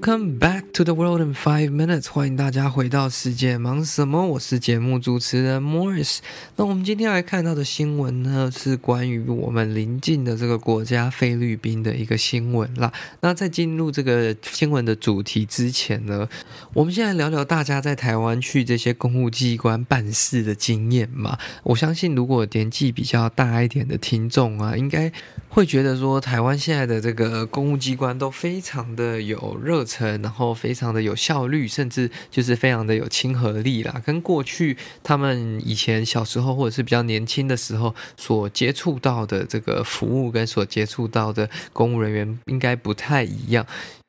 Come back to the world in five minutes，歡迎大家回到世界。忙什麼？我是節目主持人 Morris。那我們今天來看到的新聞呢，是關於我們鄰近的這個國家菲律賓的一個新聞啦。那在進入這個新聞的主題之前呢，我們先來聊聊大家在台灣去這些公務機關辦事的經驗嘛。我相信如果年紀比較大一點的聽眾啊，應該會覺得說，台灣現在的這個公務機關都非常的有熱。然後非常的有效率，甚至就是非常的有親和力啦，跟過去他們以前小時候或者是比較年輕的時候所接觸到的這個服務跟所接觸到的公務人員應該不太一樣。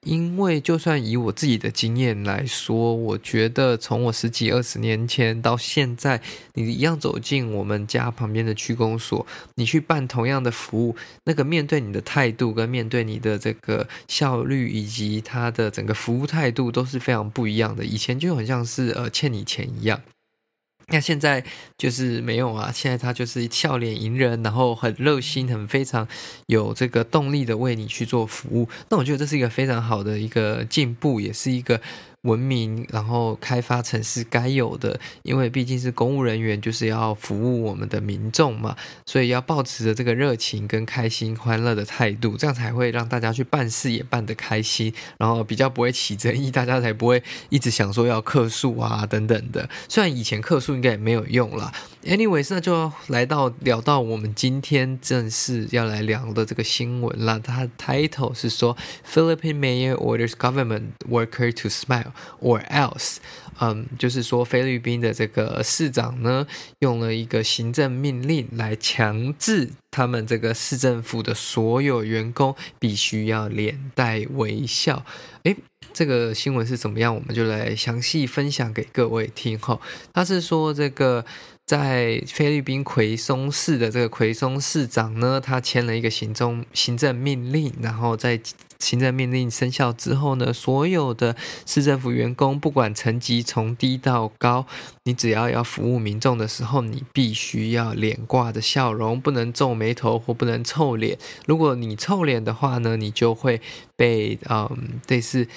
因為，就算以我自己的經驗來說，我覺得從我十幾二十年前到現在，你一樣走進我們家旁邊的區公所，你去辦同樣的服務，那個面對你的態度跟面對你的這個效率以及他的整個服務態度都是非常不一樣的。以前就很像是呃欠你錢一樣。那現在就是沒有啊，現在他就是笑臉迎人，然後很熱心，很非常有這個動力的為你去做服務。那我覺得這是一個非常好的一個進步，也是一個文明，然後開發城市該有的。因為畢竟是公務人員，就是要服務我們的民眾嘛，所以要抱持着這個熱情跟開心、歡樂的態度，這樣才會讓大家去辦事也辦得開心，然後比較不會起爭議，大家才不會一直想說要客訴啊等等的。雖然以前客訴應該也沒有用啦 anyways，那就來到聊到我們今天正式要來聊的這個新聞了。它的 title 是說，Philippine Mayor Orders Government Worker to Smile。Or else，嗯，就是說菲律賓的這個市長呢，用了一個行政命令來強制他們這個市政府的所有員工必須要臉帶微笑。誒，這個新聞是怎麼樣？我們就來詳細分享給各位聽哈、哦。他是說這個。在菲律賓奎松市的這個奎松市長呢，他簽了一個行行政命令，然後在行政命令生效之後呢，所有的市政府員工，不管層級從低到高，你只要要服務民眾的時候，你必須要臉掛着笑容，不能皺眉頭或不能臭臉。如果你臭臉的話呢，你就會被嗯，類似。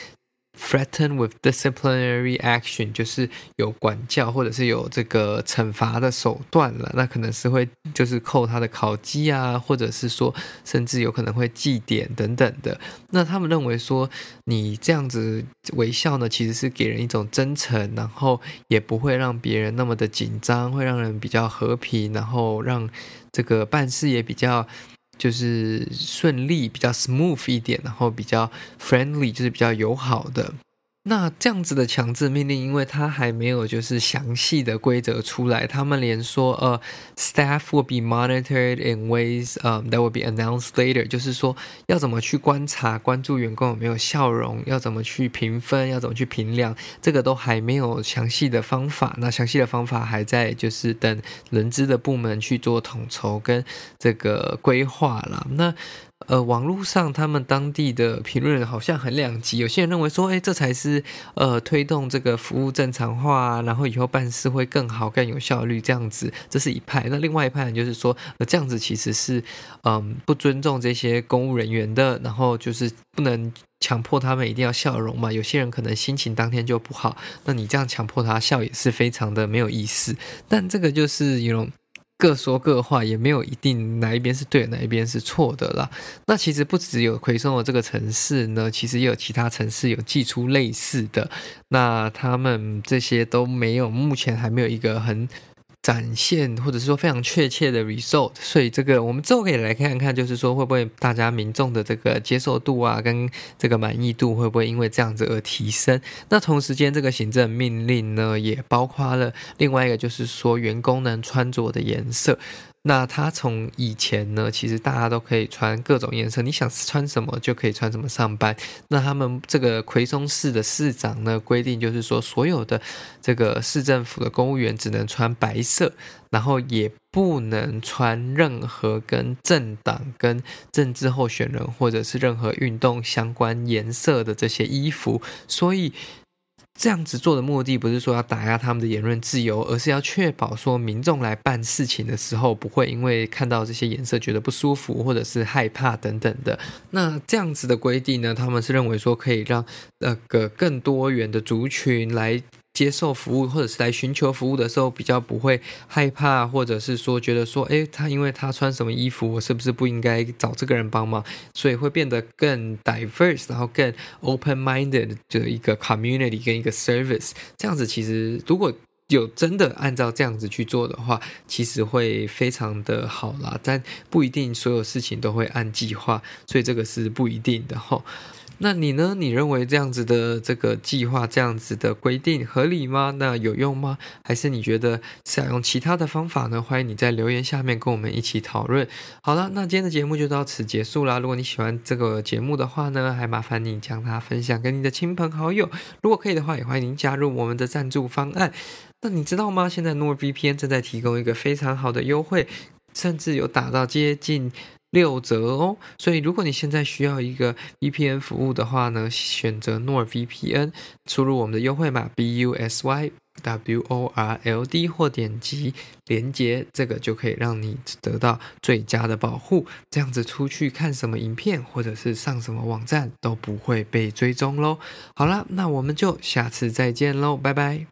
threaten with disciplinary action 就是有管教，或者是有這個懲罰的手段了，那可能是會就是扣他的考績啊，或者是說甚至有可能會記點等等的。那他們認為說，你這樣子微笑呢，其實是給人一種真誠，然後也不會讓別人那麼的緊張，會讓人比較和平，然後讓這個辦事也比較，就是順利，比較 smooth 一點，然後比較 friendly，就是比較友好的。那這樣子的強制命令，因為它還沒有就是詳細的規則出來，他們連說呃、uh,，staff will be monitored in ways, um, that will be announced later，就是說要怎麼去觀察、關注員工有沒有笑容，要怎麼去評分，要怎麼去評量，這個都還沒有詳細的方法。那詳細的方法還在就是等人資的部門去做統籌跟這個規劃啦，那呃，網絡上他們當地的評論好像很兩極，有些人認為說，誒、欸，這才是呃推動這個服務正常化，然後以後辦事會更好、更有效率這樣子，這是一派；那另外一派就是說，呃、這樣子其實是嗯、呃、不尊重這些公務人員的，然後就是不能強迫他們一定要笑容嘛，有些人可能心情當天就不好，那你這樣強迫他笑也是非常的沒有意思。但這個就是有。You know, 各說各話，也沒有一定哪一邊是對，哪一邊是錯的啦。那其實不只有奎松的這個城市呢，其實也有其他城市有寄出類似的。那他們這些都沒有，目前還沒有一個很。展現，或者是說非常確切的 result，所以這個我們之後可以來看看，就是說會不會大家民眾的這個接受度啊，跟這個滿意度會不會因為這樣子而提升？那同時間，這個行政命令呢，也包括了另外一個，就是說員工能穿着的顏色。那他從以前呢，其實大家都可以穿各種顏色，你想穿什麼就可以穿什麼上班。那他們這個奎松市的市長呢，規定就是說，所有的這個市政府的公務員只能穿白色，然後也不能穿任何跟政黨、跟政治候選人或者是任何運動相關顏色的這些衣服，所以。這樣子做的目的不是說要打壓他們的言論自由，而是要確保說民眾來辦事情的時候，不會因為看到這些顏色覺得不舒服，或者是害怕等等的。那這樣子的規定呢，他們是認為說可以讓那個更多元的族群來。接受服務或者是來尋求服務的時候，比較不會害怕，或者是說覺得說，哎，他因為他穿什麼衣服，我是不是不應該找這個人幫忙？所以會變得更 diverse，然後更 open-minded 的一個 community 跟一個 service。這樣子其實如果有真的按照這樣子去做的話，其實會非常的好啦。但不一定所有事情都會按計劃，所以這個是不一定的。那你呢？你認為這樣子的這個計劃，這樣子的規定合理嗎？那有用嗎？還是你覺得想用其他的方法呢？歡迎你在留言下面跟我們一起討論。好了，那今天的節目就到此結束啦。如果你喜歡這個節目的話呢，還麻煩你將它分享給你的親朋好友。如果可以的話，也歡迎您加入我們的贊助方案。那你知道嗎？現在諾爾 VPN 正在提供一個非常好的優惠，甚至有打到接近。六折哦，所以如果你現在需要一個 VPN 服務的話呢，選擇 NordVPN，輸入我們的優惠碼 BUSYWORLD 或點擊鏈接，這個就可以讓你得到最佳的保護。這樣子出去看什麼影片，或者是上什麼網站都不會被追蹤嘍。好啦，那我們就下次再見嘍，拜拜。